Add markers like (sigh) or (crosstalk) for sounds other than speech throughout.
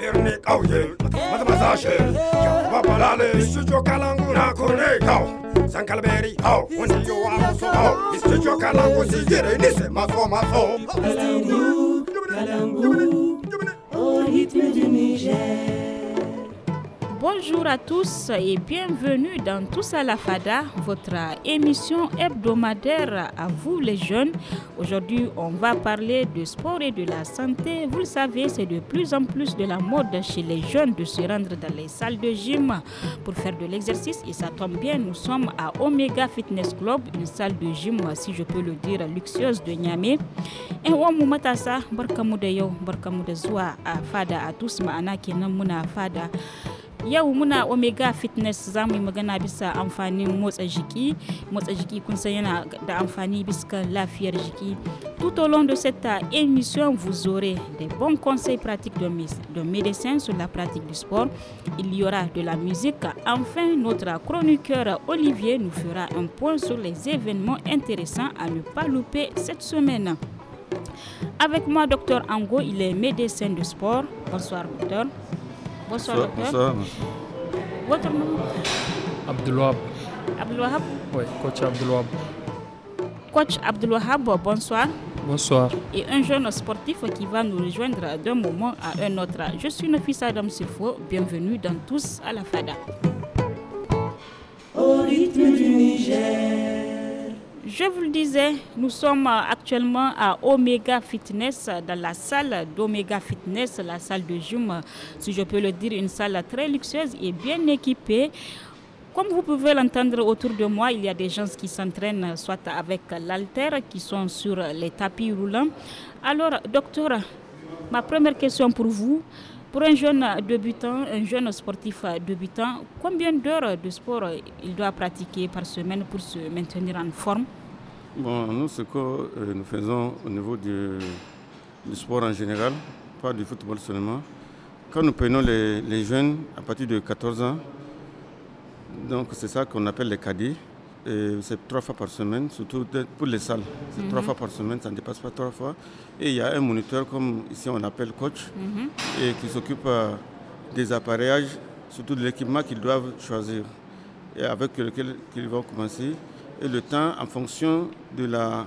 irniqaw yel matmasa shel yaw babalale isticho kalangu nakone yaw sankalberi yaw wondiyo waloso yaw isticho kalangu sijire nise maso maso Kalangu, kalangu, au rythme du Niger Bonjour à tous et bienvenue dans Tous à la Fada, votre émission hebdomadaire à vous les jeunes. Aujourd'hui, on va parler de sport et de la santé. Vous le savez, c'est de plus en plus de la mode chez les jeunes de se rendre dans les salles de gym pour faire de l'exercice. Et ça tombe bien, nous sommes à Omega Fitness Club, une salle de gym, si je peux le dire, luxueuse de Niamey. Et ça, barkamu de yo, fada à tous fada yau muna omega fitness za mu bisa amfanin motsa jiki motsa jiki kun san yana da amfani tout au long de cette émission vous aurez des bons conseils pratiques de, de médecins sur la pratique du sport il y aura de la musique enfin notre chroniqueur Olivier nous fera un point sur les événements intéressants à ne pas louper cette semaine avec moi docteur Ango il est médecin de sport bonsoir docteur Bonsoir, Bonsoir. Votre nom Abdelouab. Abdelouab Oui, coach Abdelouab. Coach Abdelouab, bonsoir. Bonsoir. Et un jeune sportif qui va nous rejoindre d'un moment à un autre. Je suis fils Adam Sifo. Bienvenue dans Tous à la Fada. Au rythme du Niger. Je vous le disais, nous sommes euh, actuellement à Omega Fitness, euh, dans la salle d'Omega Fitness, la salle de gym, euh, si je peux le dire, une salle très luxueuse et bien équipée. Comme vous pouvez l'entendre autour de moi, il y a des gens qui s'entraînent soit avec l'alter, qui sont sur les tapis roulants. Alors, docteur, ma première question pour vous, pour un jeune débutant, un jeune sportif débutant, combien d'heures de sport il doit pratiquer par semaine pour se maintenir en forme nous, ce que euh, nous faisons au niveau du, sport en général, pas du football seulement, quand nous prenons les, jeunes à partir de 14 ans, donc c'est ça qu'on appelle les caddies, c'est trois fois par semaine, surtout pour les salles. C'est trois mhm. fois par semaine, ça ne dépasse pas trois fois. Et il y a un moniteur, comme ici on appelle coach, mhm. et qui s'occupe euh, des appareillages, surtout de l'équipement qu'ils doivent choisir et avec lequel ils vont commencer et le temps en fonction de la,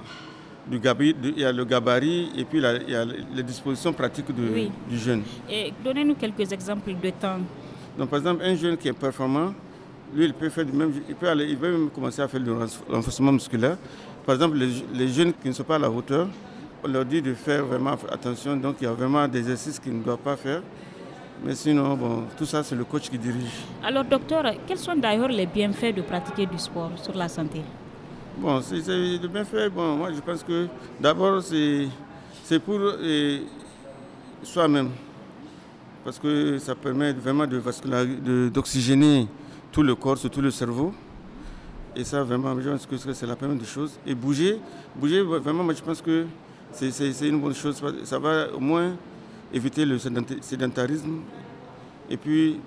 du gabarit, il y a le gabarit et puis il y a les dispositions pratiques du jeune. Et donnez-nous quelques exemples de temps. Donc, par exemple, un jeune qui est performant, lui, il peut, faire même, il peut, il peut même commencer à faire du renforcement musculaire. Par exemple, les, jeunes qui ne sont pas à la hauteur, on leur dit de faire vraiment attention. Donc, il y a vraiment des exercices qu'ils ne doivent pas faire. Mais sinon, bon, tout ça, c'est le coach qui dirige. Alors, docteur, quels sont d'ailleurs les bienfaits de pratiquer du sport sur la santé Bon, c'est de bien faire Bon, moi, je pense que d'abord, c'est pour euh, soi-même. Parce que ça permet vraiment d'oxygéner de, tout le corps, surtout le cerveau. Et ça, vraiment, je pense que c'est la première des choses. Et bouger, bouger, bah, vraiment, moi, je pense que c'est une bonne chose. Ça va au moins éviter le sédentarisme. Et puis,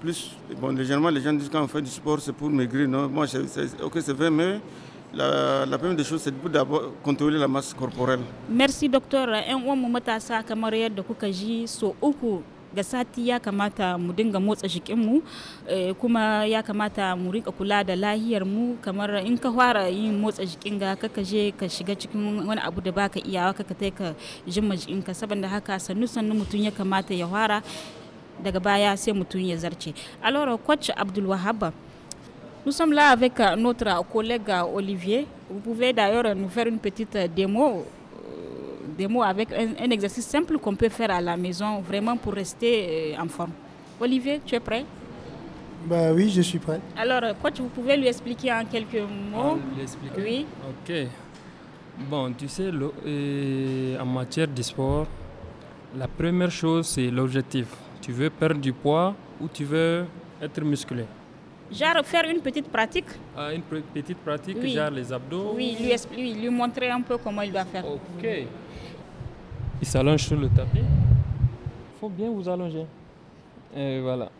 plus, bon, légèrement, les gens disent quand fait du sport, c'est pour maigrir. Non, moi, ok, c'est vrai, mais la, la première des choses c'est d'abord contrôler la masse corporelle merci docteur yan uwanmu matasa kamar yadda kuka ji so uku ga sati ya kamata mu dinga motsa jikinmu eh, kuma ya kamata mu rika kula da lahiyar mu kamar in ka fara yin motsa jikin ga kaka je ka shiga cikin wani abu da baka iyawa kaka kai ka jimma ka saboda haka sannu sannu mutum ya kamata ya fara daga baya sai mutum ya zarce alora koc abdul wahaba Nous sommes là avec euh, notre collègue euh, Olivier. Vous pouvez d'ailleurs nous faire une petite euh, démo, démo avec un, exercice simple qu'on peut faire à la maison, vraiment pour rester en forme. Olivier, tu es prêt bah oui, je suis prêt. Alors, quoi, vous pouvez lui expliquer en quelques mots ah, Oui. Ok. Bon, tu sais, en matière de sport, la première chose, c'est l'objectif. Tu veux perdre du poids ou tu veux être musculé genre faire une petite pratique. Euh, une petite pratique, oui. genre les abdos Oui, lui, expliquer, lui montrer un peu comment il doit faire. Ok. Il s'allonge sur le tapis. Il faut bien vous allonger. Et voilà.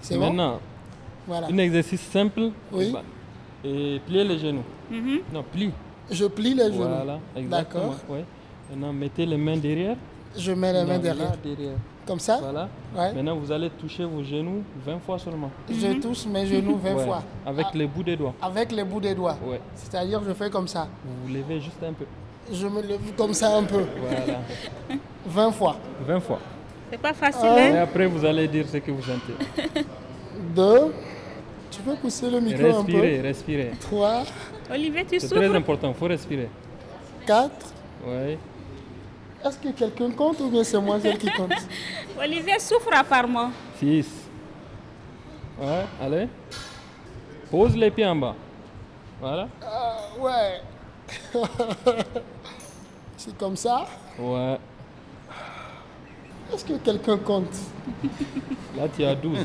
C'est bon Maintenant, voilà. un exercice simple. Oui. Bah, et plier les genoux. Mhm. Non, plie. Je plie les genoux. Voilà, exactement. D'accord. Maintenant, mettez les mains derrière. Je mets les mains derrière comme ça. Voilà. Maintenant, vous allez toucher vos genoux 20 fois seulement. Je mhm. touche mes genoux 20 fois. Avec ah. les bouts des doigts. Avec les bouts des doigts. Ouais. C'est-à-dire, je fais comme ça. Vous vous levez juste un peu. Je me lève comme ça un peu. Voilà. 20 (laughs) fois. 20 fois. C'est pas facile. Euh. Hein? Et après, vous allez dire ce que vous sentez. (laughs) Deux. Tu peux pousser le micro un peu. Respirez, respirez. Trois. Olivier, tu souffres. C'est très important, il faut respirer. Quatre. Ouais. Est-ce que quelqu'un compte ou bien c'est moi qui compte (laughs) Olivier souffre apparemment. 6. Ouais, allez. Pose les pieds en bas. Voilà. Euh, ouais. (laughs) c'est comme ça Ouais. Est-ce que quelqu'un compte Là, tu as 12.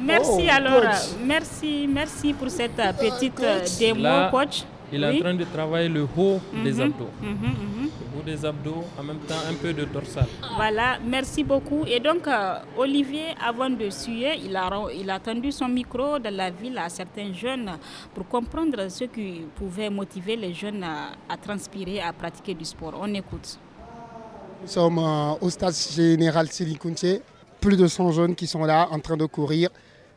Merci oh, alors. Merci, merci pour cette ah, petite démo, euh, coach il est en train de travailler le haut des mhm, abdos. Mhm, mhm. Le haut des abdos, en même temps un peu de dorsal. Voilà, merci beaucoup. Et donc, euh, Olivier, avant de suer, il a, il tendu son micro dans la ville à certains jeunes pour comprendre ce qui pouvait motiver les jeunes à, transpirer, à pratiquer du sport. On écoute. Nous sommes euh, au stade général Silikunche. Plus de 100 jeunes qui sont là en train de courir.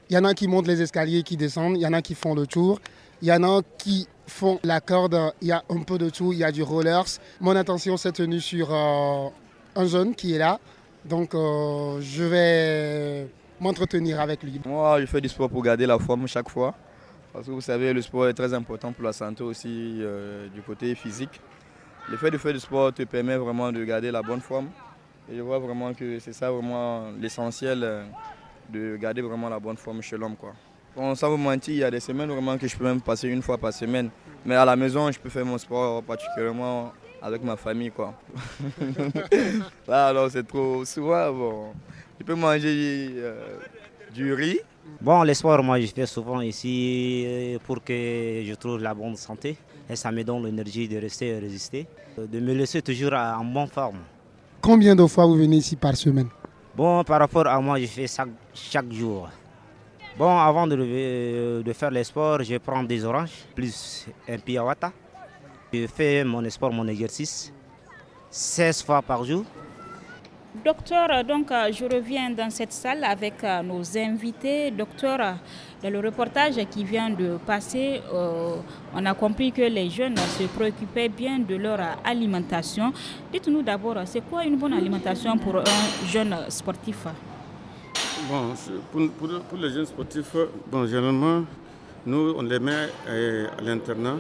Il y en a qui montent les escaliers, qui descendent. Il y en a qui font le tour. Il y en a qui font la corde. Il y a un peu de tout, il y a du rollers. Mon attention s'est tenue sur euh, un jeune qui est là. Donc euh, je vais m'entretenir avec lui. Moi, je fais du sport pour garder la forme chaque fois. Parce que vous savez, le sport est très important pour la santé aussi, euh, du côté physique. Le fait de faire du sport te permet vraiment de garder la bonne forme. Et je vois vraiment que c'est ça vraiment l'essentiel de garder vraiment la bonne forme chez l'homme. On s'en va mentir, il y a des semaines vraiment que je peux même passer une fois par semaine. Mais à la maison, je peux faire mon sport particulièrement avec ma famille. Quoi. alors, (laughs) ah, c'est trop souvent. Bon. Je peux manger euh, du riz. Bon, les moi, je fais souvent ici euh, pour que je trouve la bonne santé. Et ça me donne l'énergie de rester et résister, de me laisser toujours en bonne forme. Combien de fois vous venez ici par semaine Bon, par rapport à moi, je fais ça chaque jour. Bon, avant euh, de, faire les sports, je prends des oranges, plus un piawata. Je fais mon sport, mon exercice, 16 fois par jour. Docteur, donc euh, je reviens dans cette salle avec euh, nos invités. Docteur, dans le reportage qui vient de passer, on a compris que les jeunes se préoccupaient bien de leur alimentation. Dites-nous d'abord, c'est quoi une bonne alimentation pour un jeune sportif Bon, pour, les jeunes sportifs, bon, généralement, nous, on les met euh, à, l'internat.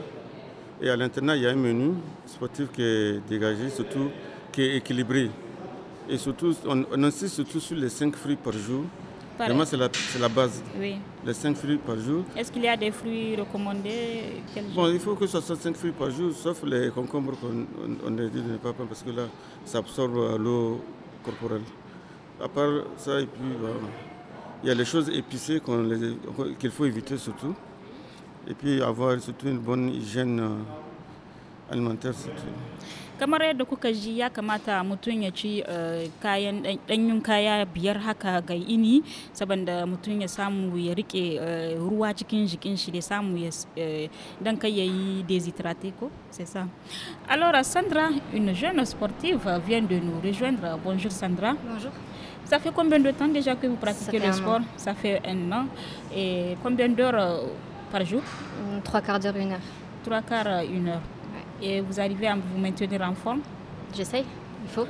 Et à l'internat, il y a un menu sportif qui est dégagé, surtout qui est équilibré. Et surtout, on, insiste surtout sur les 5 fruits par jour. c'est la, la, base. Oui. Les 5 fruits par jour. Est-ce qu'il y a des fruits recommandés Bon, il faut que ce soit 5 fruits par jour, sauf les concombres qu'on on, dit de ne pas prendre, parce que là, ça absorbe euh, l'eau corporelle. À part ça, et puis, bah, il y a les choses épicées qu'il faut éviter surtout. Et puis avoir surtout une bonne hygiène euh, alimentaire surtout. kamar yadda kuka ji ya kamata mutum ya ci eh, kayan danyun kaya biyar haka ga ini saboda mutum ya samu ya rike eh, ruwa cikin jikin shi da samu ya eh, dan kai ya yi déshydraté ko c'est ça alors Sandra une jeune sportive vient de nous rejoindre bonjour Sandra bonjour ça fait combien de temps déjà que vous pratiquez le sport Ça fait un an. Et combien d'heures euh, par jour hum, Trois quarts d'heure, une heure. Trois quarts, euh, une heure. Et vous arrivez à vous maintenir en forme J'essaie, il faut.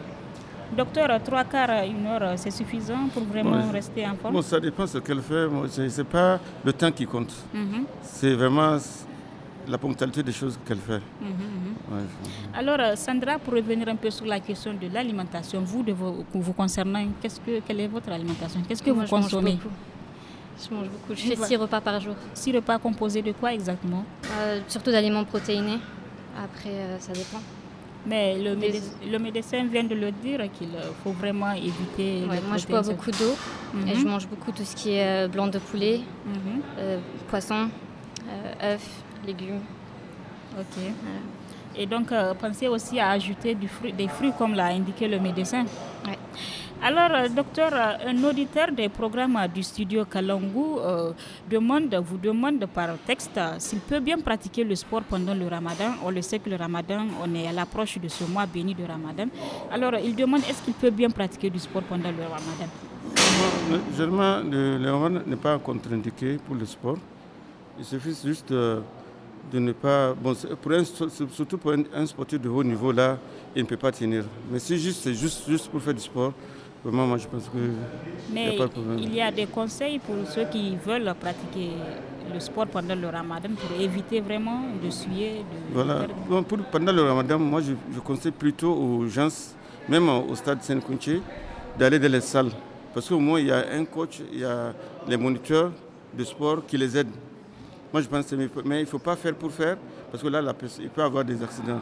Docteur, euh, trois quarts, une heure, c'est suffisant pour vraiment rester en forme Ça dépend ce qu'elle fait. Moi, je sais pas le temps qui compte. Mhm. C'est vraiment la ponctualité des choses qu'elle fait. Mhm, mhm. Alors, euh, Sandra, pour revenir un peu sur la question de l'alimentation, vous, de vous concernant, qu'est-ce que, quelle est votre alimentation Qu'est-ce que vous consommez je mange beaucoup. Je fais 6 repas par jour. 6 repas composés de quoi exactement euh, Surtout d'aliments protéinés. Après, euh, ça dépend. Mais le, le, médecin vient de le dire qu'il faut vraiment éviter. moi, je bois beaucoup d'eau et je mhm. mange beaucoup tout ce qui est blanc de poulet, mhm. poisson, œufs, légumes. Ok. Et donc, euh, pensez aussi à ajouter des fruits comme l'a indiqué le médecin. Alors, euh, docteur, euh, un auditeur des programmes du studio Kalangu demande, vous demande par texte s'il peut bien pratiquer le sport pendant le ramadan. On le sait que le ramadan, on est à l'approche de ce mois béni de ramadan. Alors, il demande est-ce qu'il peut bien pratiquer du sport pendant le ramadan le, ramadan n'est pas contre-indiqué pour le sport. Il suffit juste de ne pas. Bon, surtout pour un, sportif de haut niveau, là, il ne peut pas tenir. Mais si juste, c'est juste, juste pour faire du sport, vraiment, moi, je pense que. Mais a il y a des conseils pour ceux qui veulent pratiquer le sport pendant le ramadan pour éviter vraiment de suer Voilà. pendant le ramadan, moi, je, conseille plutôt aux gens, même au stade Saint-Coutier, d'aller dans les salles. Parce qu'au moins, il y a un coach, il y a les moniteurs de sport qui les aident moi, je pense que c'est mais il ne faut pas faire pour faire, parce que là, la, il peut avoir des accidents.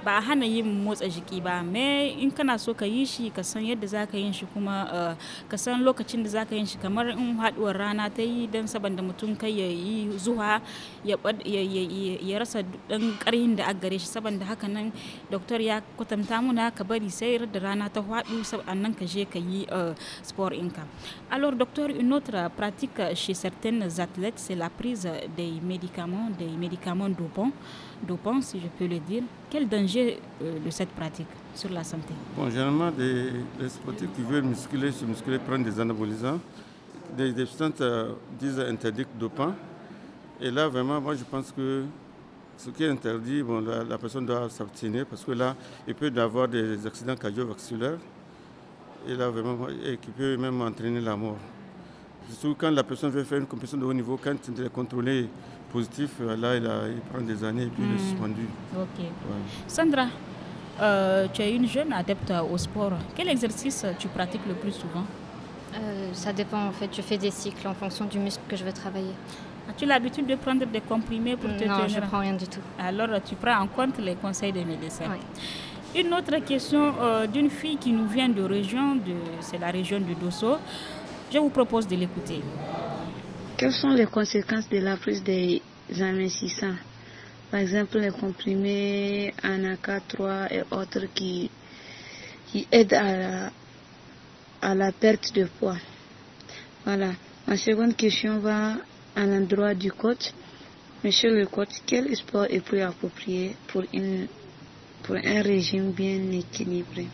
ba a hana yin motsa jiki ba me in kana so ka yi shi ka san yadda za ka yin shi kuma eh, ka san lokacin da za ka yin shi kamar in haduwar rana ta yi don saboda mutum kai ya yi zuwa ya rasa dan karhin da gare shi saboda haka nan doktor ya kwatanta muna ka bari sai da rana ta hadu nan ka je ka yi eh, sport ka alors docteur une autre pratique chez certaines athlètes c'est la prise des médicaments des médicaments dopants dopants, si je peux le dire. Quel danger euh, de cette pratique sur la santé Bon, généralement, des, les sportifs qui veulent muscler, se muscler, prennent des anabolisants, des, substances euh, disent interdites dopants. Et là, vraiment, moi, je pense que ce qui est interdit, bon, la, personne doit s'abstenir parce que là, il peut y avoir des accidents cardiovasculaires et là, vraiment, et qui peut même entraîner la mort. Surtout quand la personne veut faire une compétition de haut niveau, quand elle est contrôlée positif, euh, là, il, a, il prend des années et puis il est hmm. suspendu. Ok. Sandra, euh, tu es une jeune adepte au sport. Quel exercice euh, tu pratiques le plus souvent Ça dépend en fait. Je fais des cycles en fonction du muscle que je veux travailler. As-tu l'habitude de prendre des comprimés pour te tenir Non, je prends rien du tout. Alors, tu prends en compte les conseils des médecins. Une autre question d'une fille qui nous vient de région, de, c'est la région du Dosso. Je vous propose de l'écouter. Quelles sont les conséquences de la prise des amincissants Par exemple, les comprimés k 3 et autres qui, aident à la, perte de poids. Voilà. Ma seconde question va à l'endroit du coach. Monsieur le coach, quel sport est plus approprié pour un régime bien équilibré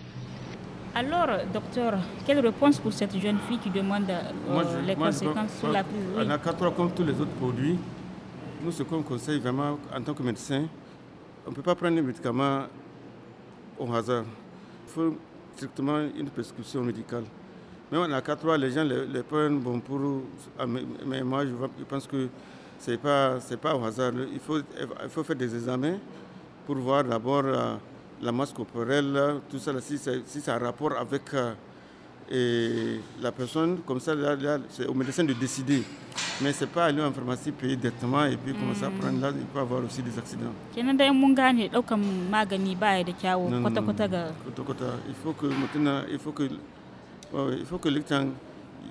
alors, docteur, quelle réponse pour cette jeune fille qui demande euh, les conséquences sur la prise oui. 3 comme tous les autres produits, nous, ce qu'on conseille vraiment en tant que médecin, on ne peut pas prendre les médicaments au hasard. Il faut strictement une prescription médicale. on en quatre 3 les gens les, prennent bon pour. Ah, mais moi, je pense que ce n'est pas, pas au hasard. Il faut, il faut faire des examens pour voir d'abord. Euh, la masse corporelle, tout ça, si, si ça a rapport avec euh, la personne, comme ça, là, là, c'est au médecin de décider. Mais ce n'est pas aller en pharmacie payer directement et puis commencer à mm. prendre là, il peut avoir aussi des accidents. Non, non, non. Il faut que maintenant, il faut que, il faut que likitan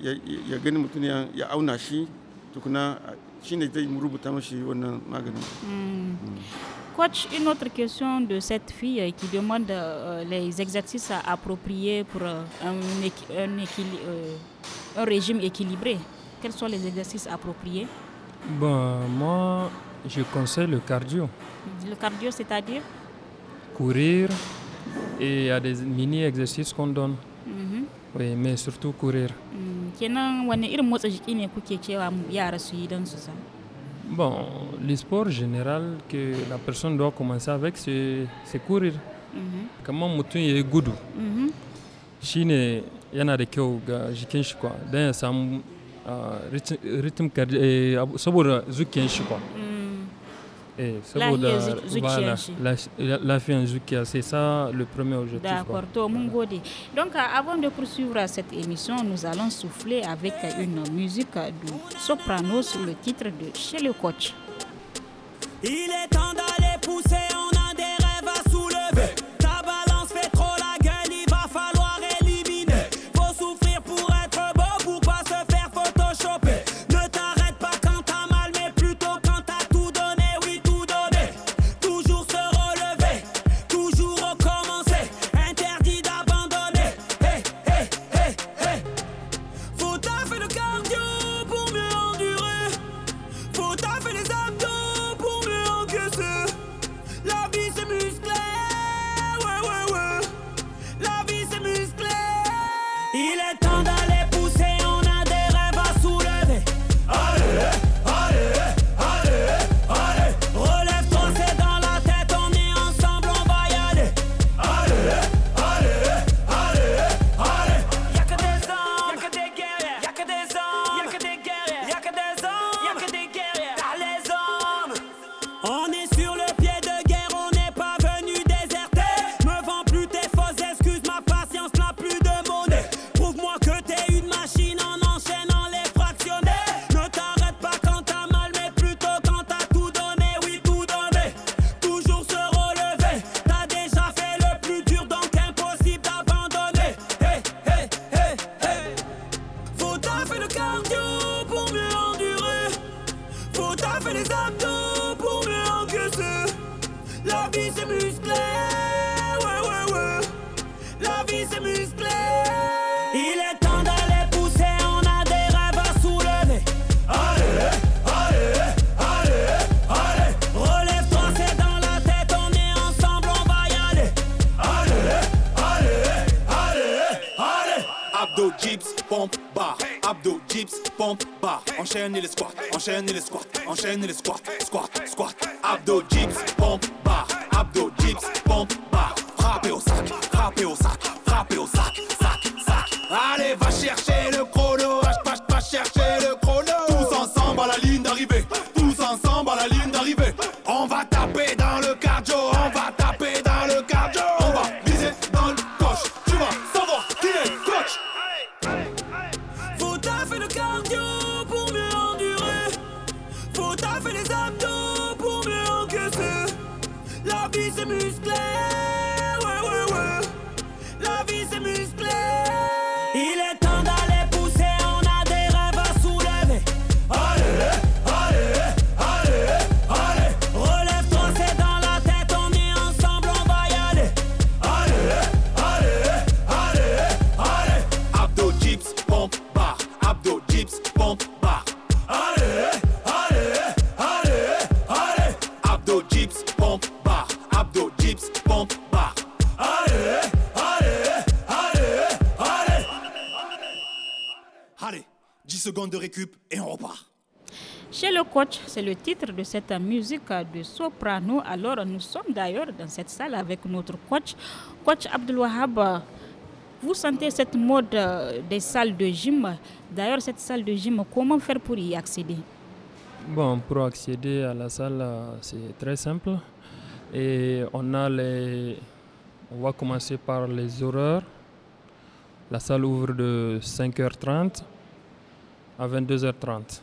y gani mutum ya auna shi tukuna shi ne zai rubuta wannan magani. Mm. Mm coach, une autre question de cette fille euh, qui demande euh, les exercices appropriés pour euh, un, un, régime équilibré. Quels sont les exercices appropriés bon, Moi, je conseille le cardio. Le cardio, c'est-à-dire Courir et il y a des mini-exercices qu'on donne. Mhm. Oui, mais surtout courir. Mm, Bon, le sport général que la personne doit commencer avec, c'est courir. Comment mutum ya yi gudu, shi ne yana da kyau ga jikin shi kwa, don ya samu ritim saboda zukiyan shi kwa. Eh, la c'est ça le premier objectif d'accord tout donc euh, avant de poursuivre cette émission nous allons souffler avec une musique du soprano sur le titre de chez le coach il est temps d'aller pousser en enchaîne les squats, enchaîne les squats, squat, squat, Abdo dips, pompe, barre, Abdo dips, pompe, barre, frappez au sac, frappez au sac, frappez au sac, sac, sac. Allez, va chercher le chrono, va, va, va chercher le chrono. Tous ensemble à la ligne d'arrivée. c'est le titre de cette musique de soprano. Alors, nous sommes d'ailleurs dans cette salle avec notre coach, coach Abdelwahab. Vous sentez cette mode euh, des salles de gym. D'ailleurs, cette salle de gym, comment faire pour y accéder Bon, pour accéder à la salle, euh, c'est très simple. Et on a les. On va commencer par les horaires. La salle ouvre de 5h30 à 22h30.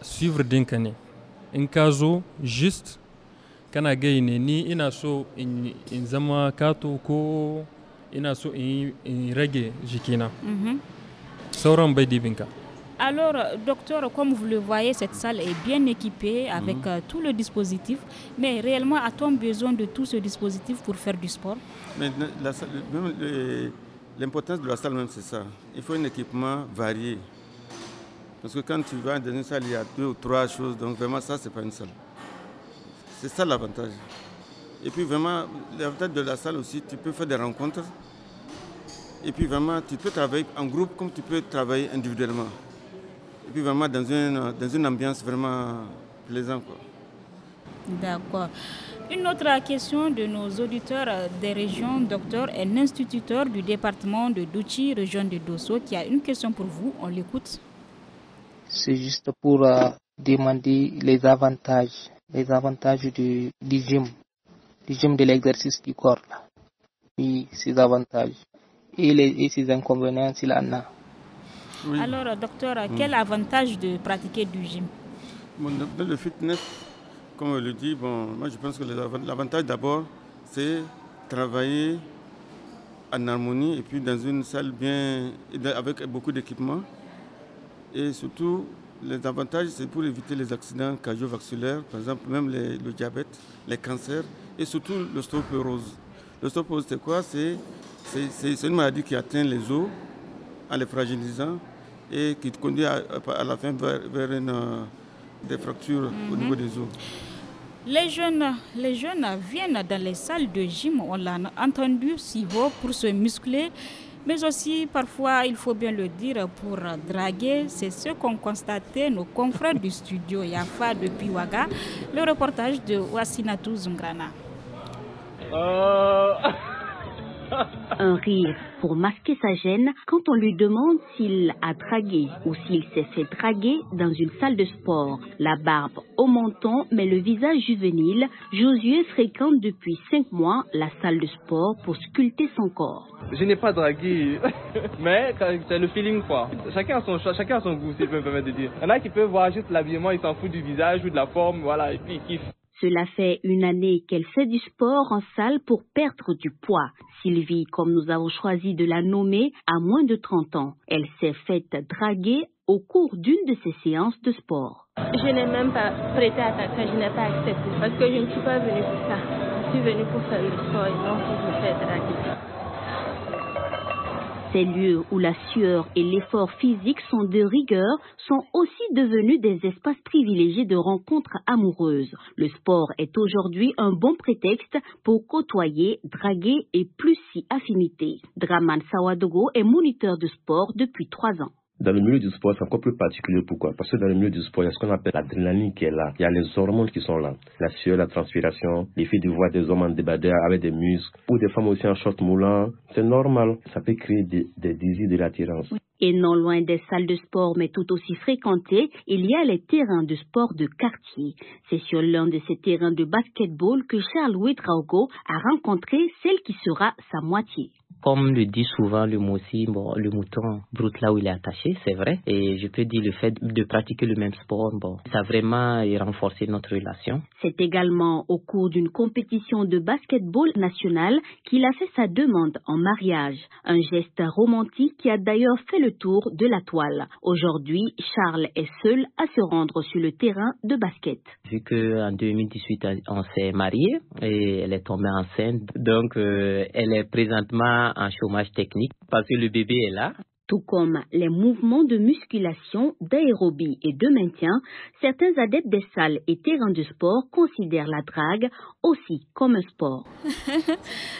suivre Alors, docteur, comme vous le voyez, cette salle est bien équipée mhm. avec euh, tout le dispositif. Mais réellement, a-t-on besoin de tout ce dispositif pour faire du sport L'importance de la salle même, c'est ça. Il faut un équipement varié. Parce que quand tu vas dans une salle, il y a deux ou trois choses, donc vraiment ça, c'est pas une salle. C'est ça l'avantage. Et puis vraiment, l'avantage de la salle aussi, tu peux faire des rencontres. Et puis vraiment, tu peux travailler en groupe comme tu peux travailler individuellement. Et puis vraiment dans une, dans une ambiance vraiment plaisante. D'accord. Une autre question de nos auditeurs des régions, docteur, et instituteur du département de Douchi, région de Dosso, qui a une question pour vous. On l'écoute c'est juste pour euh, demander les avantages, les avantages du, gym, du gym de l'exercice du corps. Là. Oui, ses avantages et, ses inconvénients s'il en a. Alors, docteur, quel avantage de pratiquer du gym le fitness, comme on le dit, bon, moi je pense que l'avantage d'abord, c'est travailler en harmonie et puis dans une salle bien avec beaucoup d'équipement. Et surtout, les avantages, c'est pour éviter les accidents cardiovasculaires, par exemple, même le diabète, les cancers et surtout le le L'ostéoporose, c'est quoi c'est, une maladie qui atteint les os en les fragilisant et qui conduit à, la fin vers, une, euh, des fractures au mhm. niveau des os. Les jeunes, les jeunes viennent dans les salles de gym, on l'a entendu, si haut pour se muscler. Mais aussi, parfois, il faut bien le dire, pour draguer, c'est ce qu'ont constaté nos confrères du studio Yafa de Piwaga, le reportage de Wassinatou Zungrana. Euh, (laughs) Un rire pour masquer sa gêne quand on lui demande s'il a dragué ou s'il s'est fait draguer dans une salle de sport. La barbe au menton mais le visage juvénile, Josué fréquente depuis cinq mois la salle de sport pour sculpter son corps. Je n'ai pas dragué, (laughs) mais c'est le feeling quoi. Chacun a son chacun son goût si je peux me permettre de dire. Il y en a qui peuvent voir juste l'habillement, ils s'en foutent du visage ou de la forme, voilà, et puis ils kiffent. Cela fait une année qu'elle fait du sport en salle pour perdre du poids. Sylvie, comme nous avons choisi de la nommer, a moins de 30 ans. Elle s'est faite draguer au cours d'une de ses séances de sport. Je n'ai même pas prêté attention, je n'ai pas accepté parce que je ne suis pas venue pour ça. Je suis venue pour faire le sport et donc pour me faire draguer les lieux où la sueur et l'effort physique sont de rigueur sont aussi devenus des espaces privilégiés de rencontres amoureuses. Le sport est aujourd'hui un bon prétexte pour côtoyer, draguer et plus si affinité. Draman Sawadogo est moniteur de sport depuis trois ans. Dans le milieu du sport, c'est encore plus particulier. Pourquoi Parce que dans le milieu du sport, il y a ce qu'on appelle l'adrénaline qui est là. Il y a les hormones qui sont là. La sueur, la transpiration, l'effet de voir des hommes en avec des muscles ou des femmes aussi en short moulant. C'est normal. Ça peut créer des, des désirs de l'attirance. Et non loin des salles de sport, mais tout aussi fréquentées, il y a les terrains de sport de quartier. C'est sur l'un de ces terrains de basketball que Charles Traugo a rencontré celle qui sera sa moitié comme le dit souvent le mot bon, le mouton broute là où il est attaché, c'est vrai. Et je peux dire le fait de pratiquer le même sport, bon, ça a vraiment renforcé notre relation. C'est également au cours d'une compétition de basketball nationale qu'il a fait sa demande en mariage. Un geste romantique qui a d'ailleurs fait le tour de la toile. Aujourd'hui, Charles est seul à se rendre sur le terrain de basket. Vu qu'en 2018, on s'est marié et elle est tombée enceinte, donc euh, elle est présentement un chômage technique parce que le bébé est là. Tout comme les mouvements de musculation, d'aérobie et de maintien, certains adeptes des salles et terrains de sport considèrent la drague aussi comme un sport. (laughs)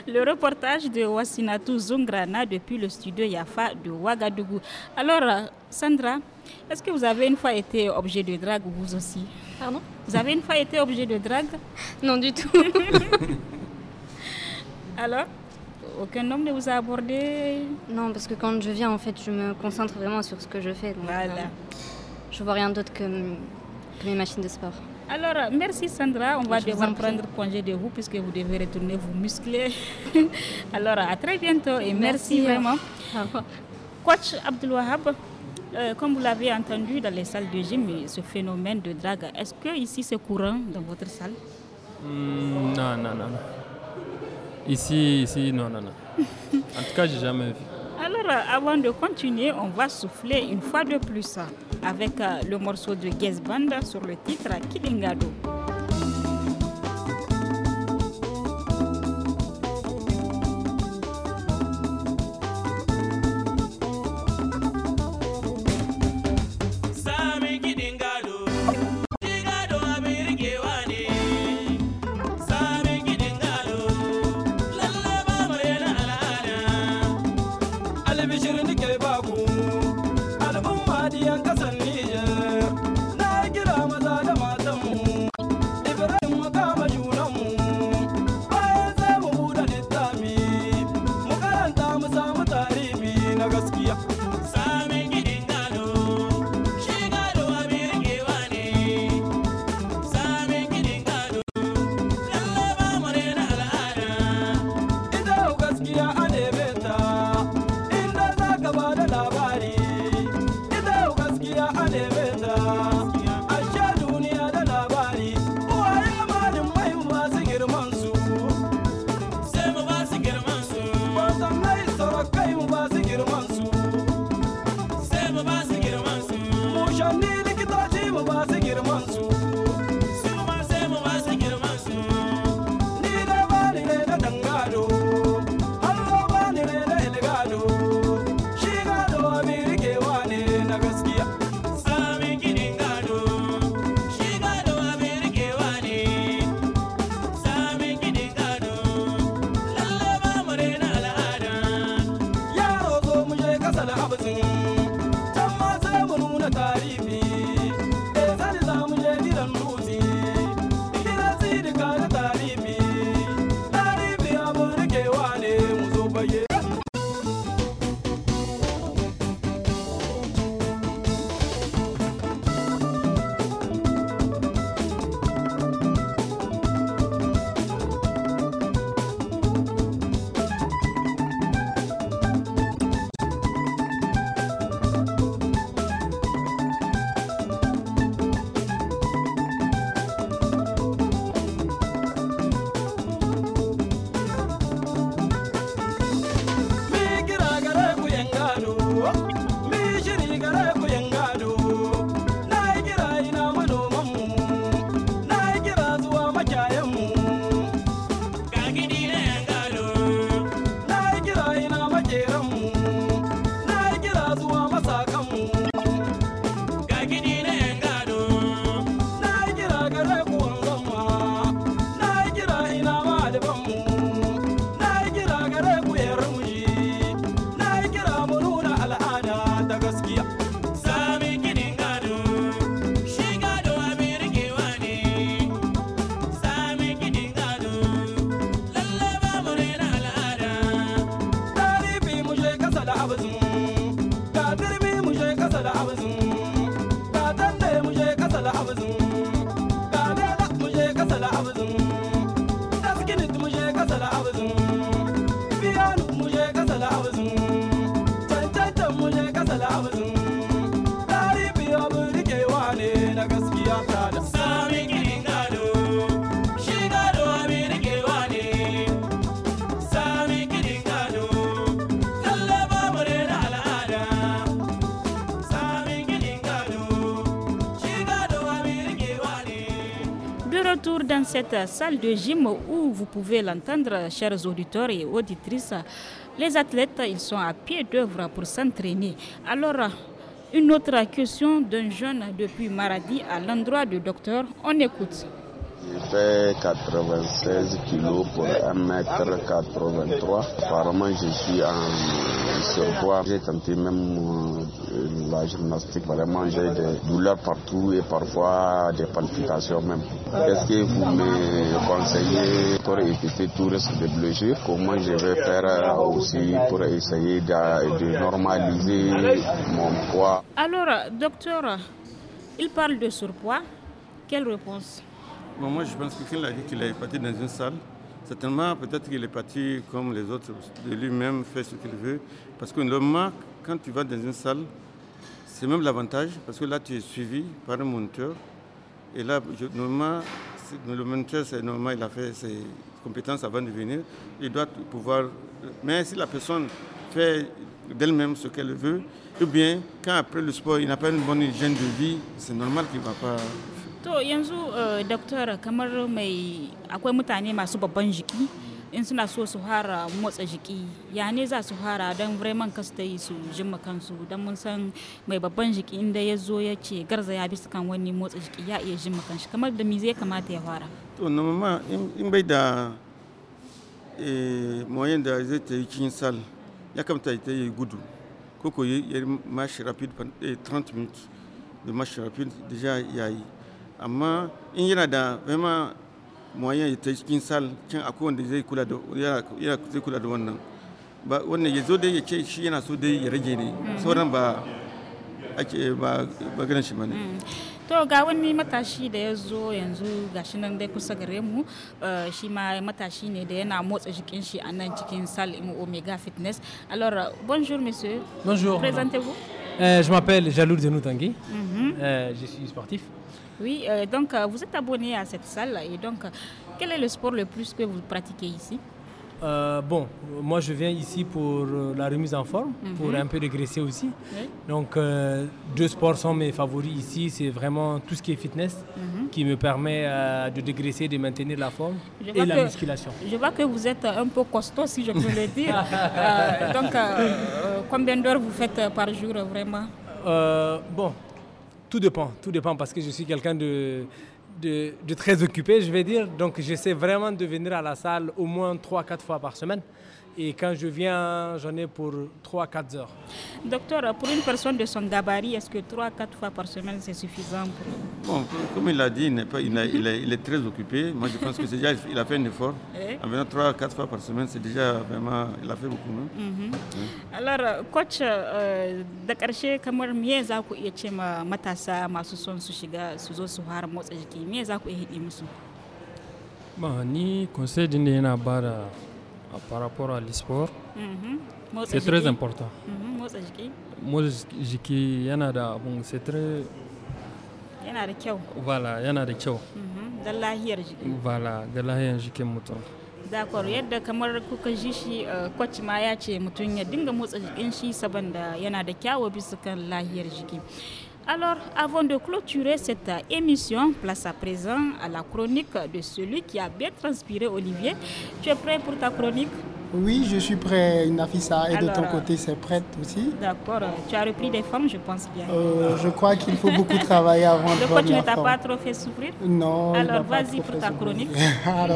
le reportage de Wassinatu Zongrana depuis le studio Yafa de Ouagadougou. Alors, Sandra, est-ce que vous avez une fois été objet de drague, vous aussi Pardon Vous avez une fois été objet de drague (laughs) Non, du tout. (laughs) Alors aucun homme ne vous a abordé Non, parce que quand je viens, en fait, je me concentre vraiment sur ce que je fais. voilà. Euh, je vois rien d'autre que, mes machines de sport. Alors, merci Sandra. On va devoir prendre congé de vous puisque vous devez retourner vous muscler. (laughs) Alors, à très bientôt et merci, vraiment. Coach Abdelwahab, euh, comme vous l'avez entendu dans les salles de gym, ce phénomène de drague, est-ce que ici c'est courant dans votre salle hmm, Non, non, non. Ici, ici, non, non, non. En tout cas, j'ai jamais vu. Alors, euh, avant de continuer, on va souffler une fois de plus avec euh, le morceau de Guess Banda sur le titre Kilingado. retour dans cette salle de gym où vous pouvez l'entendre, chers auditeurs et auditrices. Les athlètes, ils sont à pied d'œuvre pour s'entraîner. Alors, une autre question d'un jeune depuis Maradi à l'endroit du docteur, on écoute. J'ai fait 96 kilos pour 1m83. Apparemment, je suis en surpoids. J'ai tenté même euh, la gymnastique. Vraiment, j'ai des douleurs partout et parfois des palpitations même. Est-ce que vous me conseillez pour éviter tout risque de blessure Comment je vais faire euh, aussi pour essayer de normaliser mon poids Alors, docteur, il parle de surpoids. Quelle réponse moi, je pense que quand il a dit qu'il est parti dans une salle, certainement, peut-être qu'il est parti comme les autres, de lui-même, fait ce qu'il veut. Parce que normalement, quand tu vas dans une salle, c'est même l'avantage, parce que là, tu es suivi par un moniteur. Et là, normalement, le moniteur, c'est normal, il a fait ses compétences avant de venir. Il doit pouvoir. Mais si la personne fait d'elle-même ce qu'elle veut, ou bien quand après le sport, il n'a pas une bonne hygiène de vie, c'est normal qu'il ne va pas to yanzu eh, doktora kamar mai akwai mutane masu babban jiki in suna so su fara motsa jiki ya ne za su fara don vraiment kasu ta yi su jimma kansu don mun san mai babban jiki inda ya zo ya ce garza ya bisa kan wani motsa jiki ya iya jimma kanshi kamar da me zai kamata ya fara to na mama in bai da eh, moyen da zai ta yi cikin sal ya kamata ta yi gudu ko ko yi mashi rapid 30 eh, minutes da mashi rapid da ya yi amma in yana da ma moyen ta cikin sal kin akwai wanda zai kula da yana zai kula da wannan ba wannan ya zo da ya ce shi yana so dai ya rage ne mm. sauran ba ake ba ba ganin shi bane mm. to ga wani matashi da ya zo yanzu gashi nan dai kusa gare mu eh, shi ma matashi ne da yana motsa jikin shi a nan cikin sal omega fitness alors bonjour monsieur bonjour présentez vous Euh, je m'appelle Jalour de Tanguy, mhm. euh, je suis sportif. Oui, euh, donc vous êtes abonné à cette salle. Et donc, quel est le sport le plus que vous pratiquez ici euh, bon, moi je viens ici pour euh, la remise en forme, mhm. pour un peu dégraisser aussi. Donc euh, deux sports sont mes favoris ici, c'est vraiment tout ce qui est fitness mhm. qui me permet de dégraisser, de maintenir la forme et la musculation. Je vois que vous êtes un peu costaud si je peux le dire. (laughs) donc combien d'heures vous faites par jour vraiment Bon, tout dépend, tout dépend parce que je suis quelqu'un de de, très occupé, je vais dire. Donc, j'essaie vraiment de venir à la salle au moins 3-4 fois par semaine. Et quand je viens, j'en ai pour 3-4 heures. Docteur, pour une personne de son gabarit, est-ce que 3-4 fois par semaine, c'est suffisant pour... Bon, comme il l'a dit, il est, pas, il, est, il est, très occupé. Moi, je pense que déjà, il a fait un effort. Eh? En venant 3-4 fois par semaine, c'est déjà vraiment... Il a fait beaucoup. Hein? -hmm. Alors, euh, coach, euh, da ƙarshe kamar iya ce ma matasa masu son su shiga su su fara motsa jiki me za iya hidi musu? conseil din da ah, par rapport à l'e-sport mm-hmm. c'est très important mm-hmm. motsa jiki y jiki yana da abun c'est très yana da kyau voilà yana da kyau mm-hmm. da lahiyar jiki voilà la hier, jikin mutum D'accord yadda kamar kuka ji shi eh, coach ma ya ce mutum ya dinga motsa jikin shi saboda yana da kyawu bisa kan lahiyar jiki alors, avant de clôturer cette émission, place à présent à la chronique de celui qui a bien transpiré, Olivier. Tu es prêt pour ta chronique Oui, je suis prêt, Inafissa. Et de ton côté, c'est prête aussi D'accord. Tu as repris des formes, je pense bien. Euh, je crois qu'il faut beaucoup travailler avant de quoi tu ne t'as pas trop fait souffrir Non. Alors, vas-y pour ta chronique.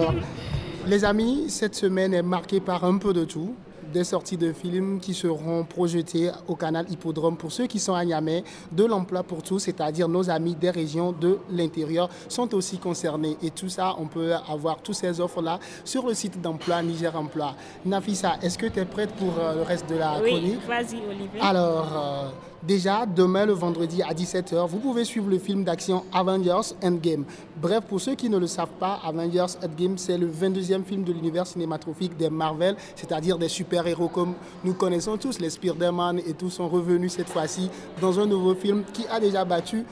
(laughs) les amis, cette semaine est marquée par un peu de tout des sorties de films qui seront projetées au canal Hippodrome pour ceux qui sont à Niamey, de l'emploi pour tous, c'est-à-dire nos amis des régions de l'intérieur sont aussi concernés. Et tout ça, on peut avoir toutes ces offres-là sur le site d'emploi Niger Emploi. Nafisa, est-ce que tu es prête pour euh, le reste de la chronique Oui, vas-y Olivier. Alors, euh, Déjà, demain, le vendredi à 17h, vous pouvez suivre le film d'action Avengers Endgame. Bref, pour ceux qui ne le savent pas, Avengers Endgame, c'est le 22e film de l'univers cinématographique des Marvel, c'est-à-dire des super-héros comme nous connaissons tous, les Spider-Man et tous sont revenus cette fois-ci dans un nouveau film qui a déjà battu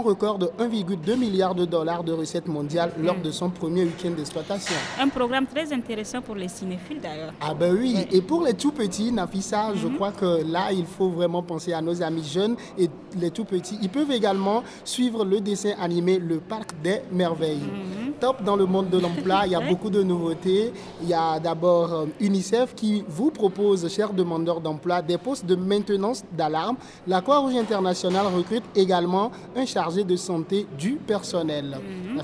record de 1,2 milliard de dollars de recettes mondiales lors de son premier week-end d'exploitation. Un programme très intéressant pour les cinéphiles d'ailleurs. Ah ben oui, et pour les tout petits, Nafissa, je mhm. crois que là, il faut vraiment penser à nos amis jeunes et les tout petits. Ils peuvent également suivre le dessin animé Le Parc des Merveilles. Mhm. top dans le monde de l'emploi. Il y a (laughs) beaucoup de nouveautés. Il y a d'abord euh, UNICEF qui vous propose, chers demandeurs d'emploi, des postes de maintenance d'alarme. La Croix-Rouge internationale recrute également un chargé de santé du personnel. Mm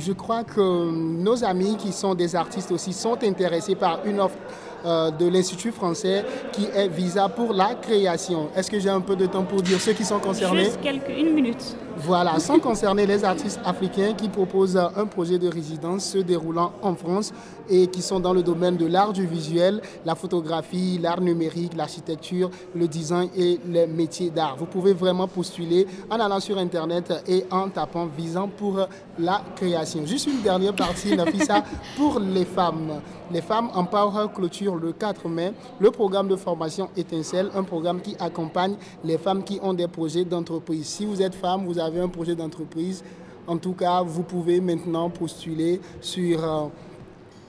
Je crois que nos amis qui sont des artistes aussi sont intéressés par une offre euh, de l'Institut français qui est Visa pour la création. Est-ce que j'ai un peu de temps pour dire ceux qui sont concernés Juste quelques, une minute. Voilà, sans concerner les artistes africains qui proposent euh, un projet de résidence se déroulant en France et qui sont dans le domaine de l'art du visuel, la photographie, l'art numérique, l'architecture, le design et les métiers d'art. Vous pouvez vraiment postuler en allant sur Internet et en tapant visant pour la création. Juste une dernière partie, (laughs) Nafisa, pour les femmes. Les femmes Empower clôturent le 4 mai le programme de formation Étincelle, un programme qui accompagne les femmes qui ont des projets d'entreprise. Si vous êtes femme, vous avez un projet d'entreprise, en tout cas, vous pouvez maintenant postuler sur euh,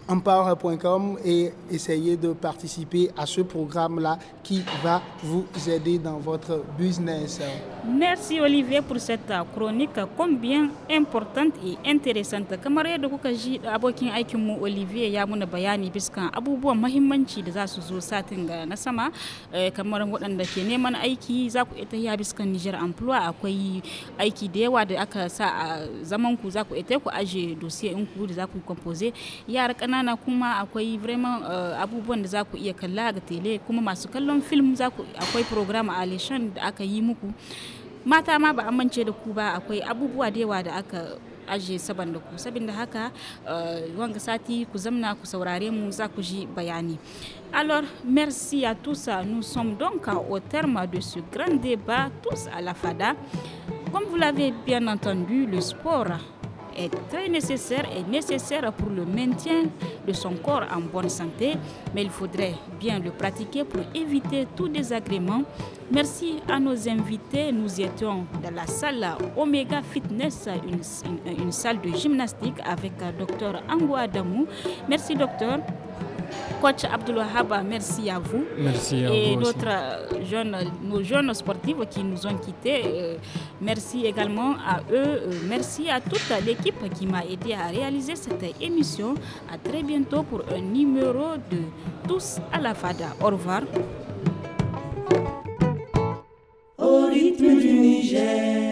empower.com et essayer de participer à ce programme-là qui va vous aider dans votre business. Merci Olivier pour cette euh, chronique combien importante et intéressante. Kamara yadda kuka ji abokin aikin mu Olivier ya muna bayani biskan abubuwan mahimmanci da za su zo satin ga na sama kamar euh, waɗanda ke neman aiki za ku ita ya biskan Niger Employer akwai aiki da yawa da aka sa a euh, zaman ku za ku ita ku aje dossier in ku da za ku compose yara ƙanana kuma akwai vraiment abubuwan da za ku iya kalla ga tele kuma masu kallon kallon film akwai program a alishan da aka yi muku mata ma ba amince da ku ba akwai abubuwa da yawa da aka ajiye saban da ku saboda haka eh, wanga sati ku zamna ku saurare mu za ku ji bayani alors merci à tous nous sommes donc au terme de ce grand débat tous à la fada comme vous l'avez bien entendu le sport est très nécessaire et nécessaire pour le maintien de son corps en bonne santé, mais il faudrait bien le pratiquer pour éviter tout désagrément Merci à nos invités. Nous étions dans la salle Omega Fitness, une, salle de gymnastique avec euh, Dr Angoua Damou. Merci docteur. Coach Haba. merci à vous. Merci à Et vous notre euh, jeune, nos jeunes sportifs qui nous ont quittés, euh, merci également à eux. merci à toute l'équipe qui m'a aidé à réaliser cette émission. À très bientôt pour un numéro de Tous à la Fada. Au revoir. Yeah.